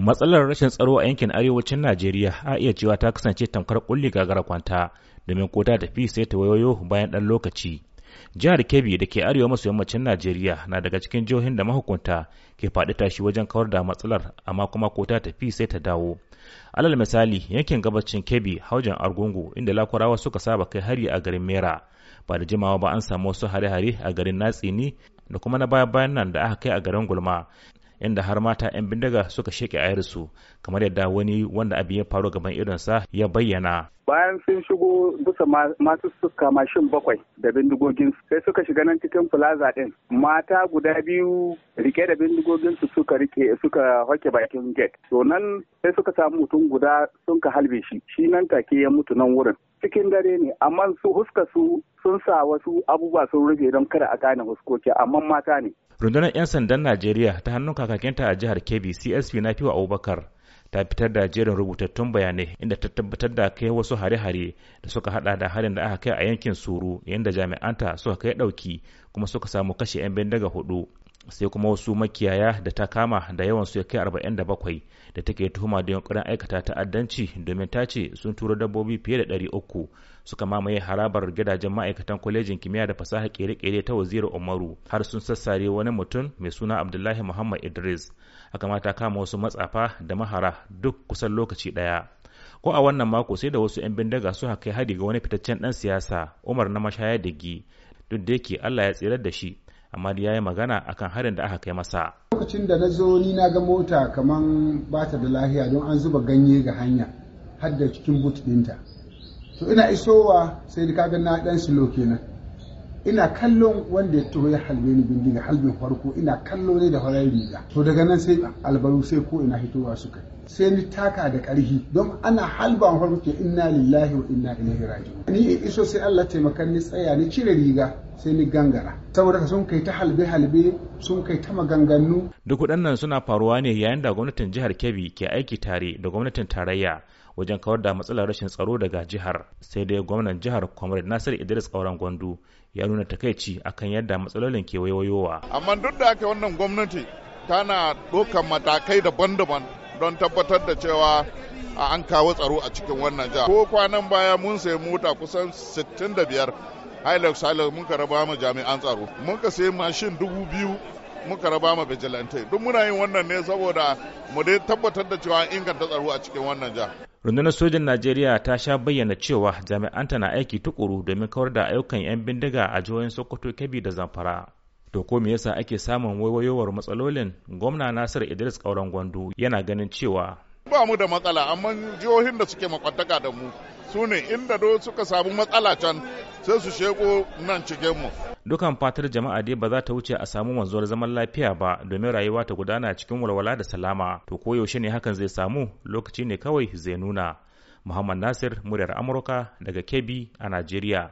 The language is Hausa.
matsalar rashin tsaro a yankin arewacin najeriya a iya cewa ta kasance tamkar kulli gagara kwanta domin ko ta tafi sai ta wayoyo bayan ɗan lokaci jihar kebbi da ke arewa maso yammacin najeriya na daga cikin jihohin da mahukunta ke faɗi tashi wajen kawar da matsalar amma kuma ko ta tafi sai ta dawo alal misali yankin gabacin kebbi haujan argungu inda lakurawa suka saba kai hari a garin mera ba da jimawa ba an samu wasu hare-hare a garin natsini da kuma na baya bayan nan da aka kai a garin gulma inda har mata 'yan bindiga suka sheke ayarsu kamar yadda wani wanda abin ya faru gaban irinsa ya bayyana bayan sun shigo bisa masu suka mashin bakwai da bindigogin sai suka shiga nan cikin plaza ɗin. mata guda biyu rike da bindigogin su suka rike suka hake bakin gate to nan sai suka samu mutum guda sun ka halbe shi shi nan take ya mutu nan wurin cikin dare ne amma su huska su sun sa wasu abubuwa sun rufe don kada a gane huskoki amma mata ne. Rundunar 'yan sandan Najeriya ta hannun kakakinta a jihar Kebbi CSP na fiwa Abubakar ta fitar da jerin rubutattun bayanai inda ta tabbatar da kai wasu hare-hare da suka hada da harin da aka kai a yankin Suru yadda jami'anta suka kai dauki kuma suka samu kashe 'yan bindiga hudu. sai kuma wasu makiyaya da ta kama da yawan su ya kai 47 da take tuhuma da yunkurin aikata ta'addanci domin ta ce sun turo dabbobi fiye da 300 suka mamaye harabar gidajen ma'aikatan kwalejin kimiyya da fasaha kere-kere ta waziri umaru har sun sassare wani mutum mai suna abdullahi muhammad idris haka ma kama wasu matsafa da mahara duk kusan lokaci ɗaya ko a wannan mako sai da wasu 'yan bindiga suka kai hari ga wani fitaccen dan siyasa umar na mashaya da gi duk da yake allah ya tsirar da shi amma da ya yi magana akan harin da aka kai masa lokacin da na zo ni na ga mota kamar ba ta da lahiya don an zuba ganye ga hanya har da cikin but ɗinta to ina isowa sai da kaga na dan silo kenan ina kallon wanda ya taho halbe ni bindiga halbin farko ina kallo ne da farar riga to daga nan sai albaru sai ko ina hitowa suka yi sai ni taka da ƙarfi don ana halban farko inna lillahi wa inna ilaihi raji'un ni iso sai Allah taimaka ni tsaya ni cire riga sai ni gangara saboda sun kai ta halbe halbe sun kai ta maganganu duk waɗannan suna faruwa ne yayin da gwamnatin jihar Kebbi ke aiki tare da gwamnatin tarayya wajen kawar da matsalar rashin tsaro daga jihar sai dai gwamnan jihar comrade nasir idris kauran gwandu ya nuna takaici akan yadda matsalolin ke wayoyowa amma duk da haka wannan gwamnati tana ɗaukar matakai daban-daban don tabbatar da cewa an kawo tsaro a cikin wannan jiha ko kwanan baya mun sayi mota kusan 65 hilux hilux mun raba mu jami'an tsaro mun ka sayi mashin dubu biyu mun raba mu vigilante duk muna yin wannan ne saboda mu dai tabbatar da cewa inganta tsaro a cikin wannan jiha rundunar sojin najeriya ta sha bayyana cewa jami'anta na aiki tukuru domin kawar da ayyukan 'yan bindiga a jihohin sokoto kebbi da zamfara To ko me yasa ake samun waiwayowar matsalolin gwamna Nasir Idris Kauran Gwandu yana ganin cewa ba mu da matsala amma jihohin da suke makwantaka da mu su ne inda do suka samu matsala can sai su sheko nan cikin mu. Dukan fatar jama'a dai ba za ta wuce a samu wanzuwar zaman lafiya ba domin rayuwa ta gudana cikin walwala da salama. To ko yaushe ne hakan zai samu lokaci ne kawai zai nuna. Muhammad Nasir muryar Amurka daga Kebbi a Najeriya.